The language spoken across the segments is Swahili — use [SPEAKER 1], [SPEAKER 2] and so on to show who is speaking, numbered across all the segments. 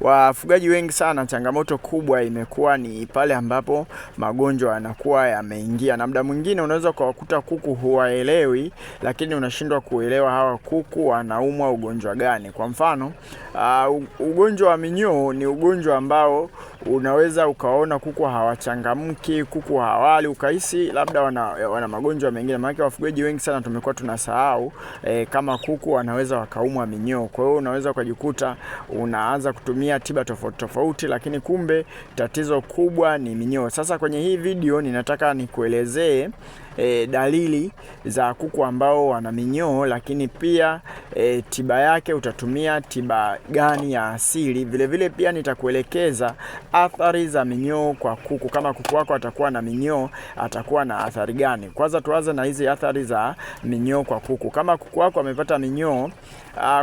[SPEAKER 1] Wafugaji wengi sana, changamoto kubwa imekuwa ni pale ambapo magonjwa yanakuwa yameingia, na muda mwingine unaweza kuwakuta kuku huwaelewi, lakini unashindwa kuelewa hawa kuku wanaumwa ugonjwa gani. Kwa mfano, uh, ugonjwa wa minyoo ni ugonjwa ambao unaweza ukaona kuku hawachangamki, kuku hawali, ukahisi labda wana, wana magonjwa mengine. Maana wafugaji wengi sana tumekuwa tunasahau e, kama kuku wanaweza wakaumwa minyoo. Kwa hiyo unaweza ukajikuta unaanza kutumia tiba tofauti tofauti, lakini kumbe tatizo kubwa ni minyoo. Sasa kwenye hii video ninataka nikuelezee e, dalili za kuku ambao wana minyoo, lakini pia e, tiba yake utatumia tiba gani ya asili. Vilevile vile pia nitakuelekeza athari za minyoo kwa kuku. Kama kuku wako atakuwa na minyoo, atakuwa na athari gani? Kwanza tuanze na hizi athari za minyoo kwa kuku. Kama kuku wako amepata minyoo,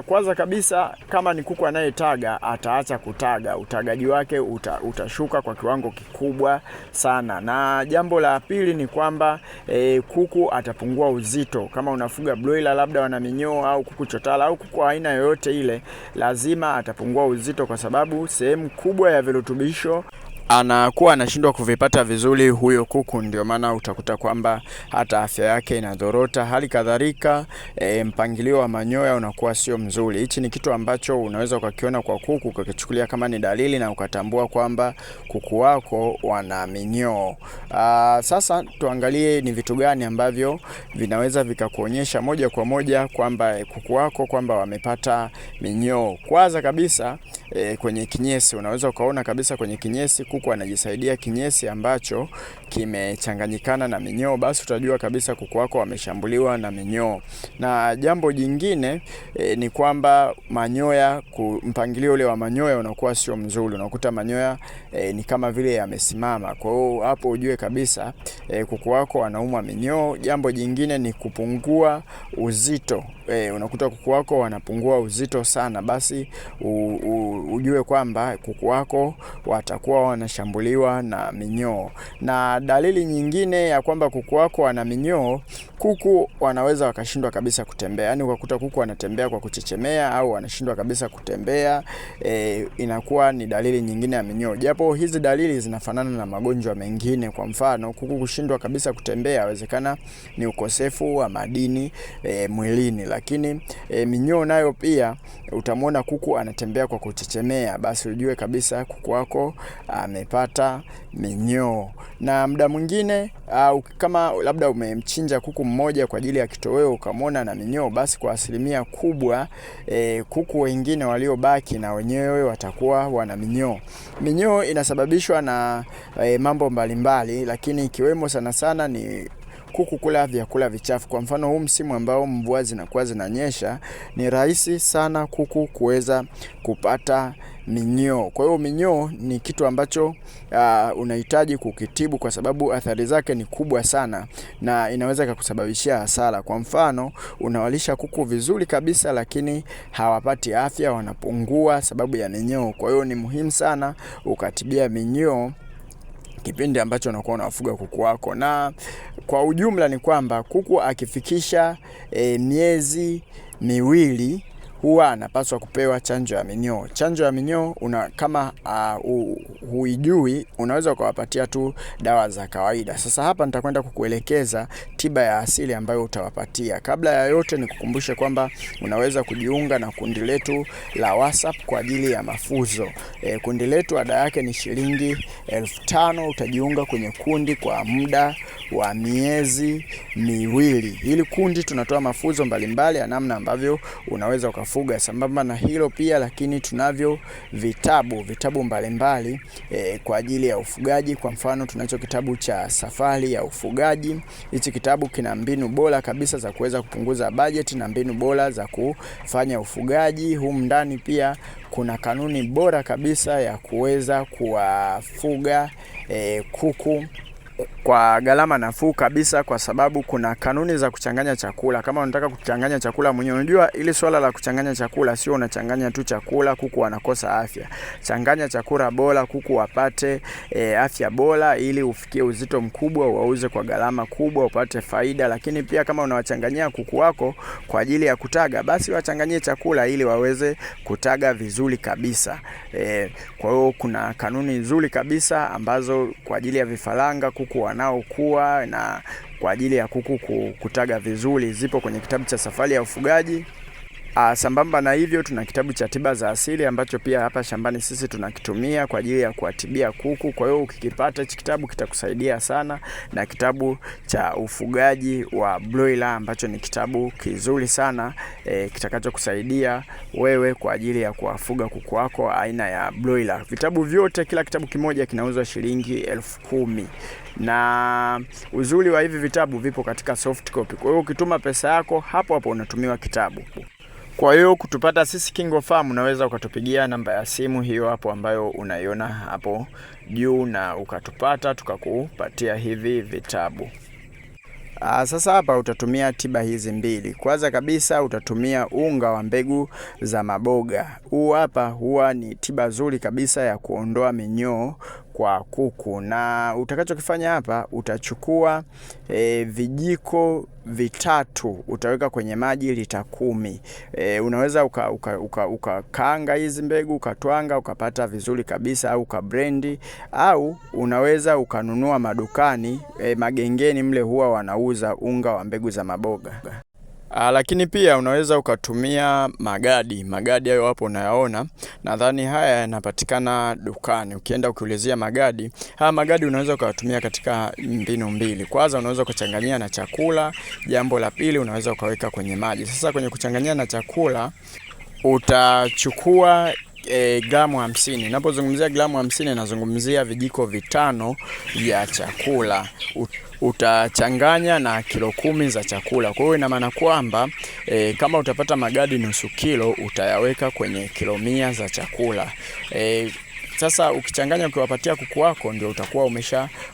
[SPEAKER 1] kwanza kabisa, kama ni kuku anayetaga ataacha kutaga, utagaji wake uta, utashuka kwa kiwango kikubwa sana, na jambo la pili ni kwamba e, e, kuku atapungua uzito. Kama unafuga broiler labda wana minyoo au kuku chotala au kuku aina yoyote ile, lazima atapungua uzito, kwa sababu sehemu kubwa ya virutubisho anakuwa anashindwa kuvipata vizuri huyo kuku, ndio maana utakuta kwamba hata afya yake inadhorota. Hali kadhalika e, mpangilio wa manyoya unakuwa sio mzuri. Hichi ni kitu ambacho unaweza ukakiona kwa kuku ukakichukulia kama ni dalili na ukatambua kwamba kuku wako wana minyoo. Sasa tuangalie ni vitu gani ambavyo vinaweza vikakuonyesha moja kwa moja kwamba e, kuku wako kwamba wamepata minyoo. Kwanza kabisa e, kwenye kinyesi unaweza ukaona kabisa kwenye kinyesi kuku kuku anajisaidia kinyesi ambacho kimechanganyikana na minyoo, basi utajua kabisa kuku wako wameshambuliwa na minyoo. Na jambo jingine e, ni kwamba manyoya, mpangilio ule wa manyoya unakuwa sio mzuri, unakuta manyoya e, ni kama vile yamesimama. Kwa hiyo hapo ujue kabisa e, kuku wako wanaumwa minyoo. Jambo jingine ni kupungua uzito e, unakuta kuku wako wanapungua uzito sana, basi u, u, ujue kwamba kuku wako watakuwa wana anashambuliwa na minyoo. Na dalili nyingine ya kwamba kuku wako ana minyoo, kuku wanaweza wakashindwa kabisa kutembea, yaani ukakuta kuku anatembea kwa kuchechemea au anashindwa kabisa kutembea e, inakuwa ni dalili nyingine ya minyoo, japo hizi dalili zinafanana na magonjwa mengine. Kwa mfano kuku kushindwa kabisa kutembea, awezekana ni ukosefu wa madini e, mwilini, lakini e, minyoo nayo pia utamwona kuku anatembea kwa kuchechemea, basi ujue kabisa kuku wako ame amepata minyoo. Na muda mwingine uh, kama labda umemchinja kuku mmoja kwa ajili ya kitoweo ukamwona na minyoo, basi kwa asilimia kubwa e, kuku wengine waliobaki na wenyewe watakuwa wana minyoo. Minyoo inasababishwa na e, mambo mbalimbali, lakini ikiwemo sana sana ni kuku kula vyakula vichafu. Kwa mfano, huu msimu ambao mvua zinakuwa zinanyesha, ni rahisi sana kuku kuweza kupata minyoo. Kwa hiyo minyoo ni kitu ambacho uh, unahitaji kukitibu kwa sababu athari zake ni kubwa sana na inaweza ikakusababishia hasara. Kwa mfano, unawalisha kuku vizuri kabisa, lakini hawapati afya, wanapungua sababu ya minyoo. Kwa hiyo ni muhimu sana ukatibia minyoo kipindi ambacho unakuwa unafuga kuku wako. Na kwa ujumla ni kwamba kuku akifikisha e, miezi miwili huwa anapaswa kupewa chanjo ya minyoo. Chanjo ya minyoo una, kama uh, huijui unaweza ukawapatia tu dawa za kawaida. Sasa hapa nitakwenda kukuelekeza tiba ya asili ambayo utawapatia. Kabla ya yote, nikukumbushe kwamba unaweza kujiunga na kundi letu la WhatsApp kwa ajili ya mafuzo. E, eh, kundi letu ada yake ni shilingi elfu tano. Utajiunga kwenye kundi kwa muda wa miezi miwili. Hili kundi tunatoa mafunzo mbalimbali ya namna ambavyo unaweza ukafuga. Sambamba na hilo pia, lakini tunavyo vitabu vitabu mbalimbali e, kwa ajili ya ufugaji. Kwa mfano tunacho kitabu cha safari ya ufugaji. Hichi kitabu kina mbinu bora kabisa za kuweza kupunguza bajeti na mbinu bora za kufanya ufugaji. Humu ndani pia kuna kanuni bora kabisa ya kuweza kuwafuga e, kuku kwa gharama nafuu kabisa, kwa sababu kuna kanuni za kuchanganya chakula. Kama unataka kuchanganya chakula mwenyewe, unajua ili swala la kuchanganya chakula sio unachanganya tu chakula kuku wanakosa afya. Changanya chakula bora kuku wapate e, afya bora, ili ufikie uzito mkubwa, wauze kwa gharama kubwa, upate faida. Lakini pia kama unawachanganyia kuku wako kwa ajili ya kutaga, basi wachanganyie chakula ili waweze kutaga vizuri kabisa. E, kwa hiyo kuna kanuni nzuri kabisa ambazo kwa ajili ya vifaranga kuku kuku wanaokuwa na kwa ajili ya kuku kutaga vizuri, zipo kwenye kitabu cha Safari ya Ufugaji. Aa, ah, sambamba na hivyo tuna kitabu cha tiba za asili ambacho pia hapa shambani sisi tunakitumia kwa ajili ya kuwatibia kuku. Kwa hiyo ukikipata hichi kitabu kitakusaidia sana, na kitabu cha ufugaji wa broiler ambacho ni kitabu kizuri sana e, kitakachokusaidia wewe kwa ajili ya kuwafuga kuku wako aina ya broiler. Vitabu vyote, kila kitabu kimoja kinauzwa shilingi elfu kumi na uzuri wa hivi vitabu vipo katika soft copy. Kwa hiyo ukituma pesa yako hapo hapo unatumiwa kitabu. Kwa hiyo kutupata sisi Kingo Farm unaweza ukatupigia namba ya simu hiyo hapo ambayo unaiona hapo juu na ukatupata tukakupatia hivi vitabu. Aa, ah, sasa hapa utatumia tiba hizi mbili. Kwanza kabisa utatumia unga wa mbegu za maboga. Huu hapa huwa ni tiba nzuri kabisa ya kuondoa minyoo kwa kuku, na utakachokifanya hapa utachukua e, vijiko vitatu utaweka kwenye maji lita kumi. E, unaweza ukakaanga uka, uka, uka hizi mbegu ukatwanga ukapata vizuri kabisa, au ukabrendi, au unaweza ukanunua madukani. E, magengeni mle huwa wanauza unga wa mbegu za maboga. A, ah, lakini pia unaweza ukatumia magadi. Magadi hayo hapo unayaona, nadhani haya yanapatikana dukani. Ukienda ukiulizia magadi, haya magadi unaweza ukawatumia katika mbinu mbili. Kwanza unaweza ukachanganyia na chakula, jambo la pili unaweza ukaweka kwenye maji. Sasa kwenye kuchanganyia na chakula utachukua e, gramu hamsini. Ninapozungumzia gramu hamsini nazungumzia vijiko vitano vya chakula utachanganya na kilo kumi za chakula. Kwa hiyo ina maana kwamba e, kama utapata magadi nusu kilo utayaweka kwenye kilo mia za chakula e, sasa ukichanganya ukiwapatia kuku wako, ndio utakuwa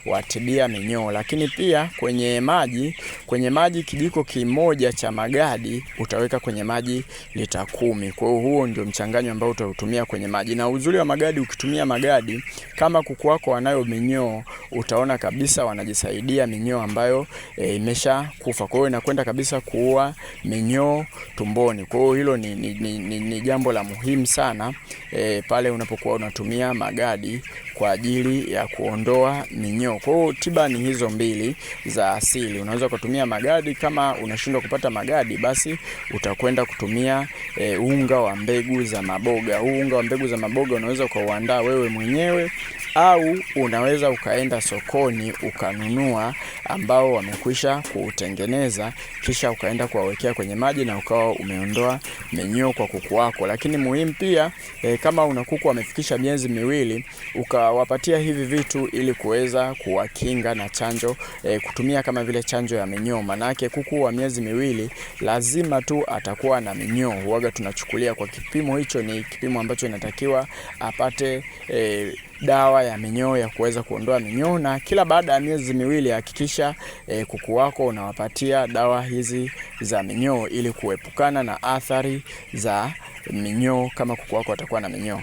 [SPEAKER 1] watibia minyoo. Lakini pia kwenye maji, kwenye maji kijiko kimoja cha magadi utaweka kwenye maji lita kumi. Kwa hiyo huo ndio mchanganyo ambao utautumia kwenye maji, na uzuri wa magadi, ukitumia magadi kama kuku wako wanayo minyoo, utaona kabisa wanajisaidia minyoo ambayo e, imesha kufa. Kwa hiyo inakwenda kabisa kuua minyoo tumboni. Kwa hiyo hilo ni, ni, ni, ni, ni jambo la muhimu sana e, pale unapokuwa unatumia magari kwa ajili ya kuondoa minyoo. Kwa hiyo tiba ni hizo mbili za asili. Unaweza kutumia magadi, kama unashindwa kupata magadi, basi utakwenda kutumia e, unga wa mbegu za maboga. Huu unga wa mbegu za maboga unaweza ukauandaa wewe mwenyewe au unaweza ukaenda sokoni ukanunua ambao wamekwisha kuutengeneza, kisha ukaenda kuwawekea kwenye maji na ukawa umeondoa minyoo kwa kuku wako. Lakini muhimu pia e, kama una kuku wamefikisha miezi miwili uka kuwapatia hivi vitu ili kuweza kuwakinga na chanjo e, kutumia kama vile chanjo ya minyoo. Manake kuku wa miezi miwili lazima tu atakuwa na minyoo. Huaga tunachukulia kwa kipimo hicho ni kipimo ambacho inatakiwa apate e, dawa ya minyoo ya kuweza kuondoa minyoo, na kila baada ya miezi miwili hakikisha e, kuku wako unawapatia dawa hizi za minyoo ili kuepukana na athari za minyoo kama kuku wako atakuwa na minyoo.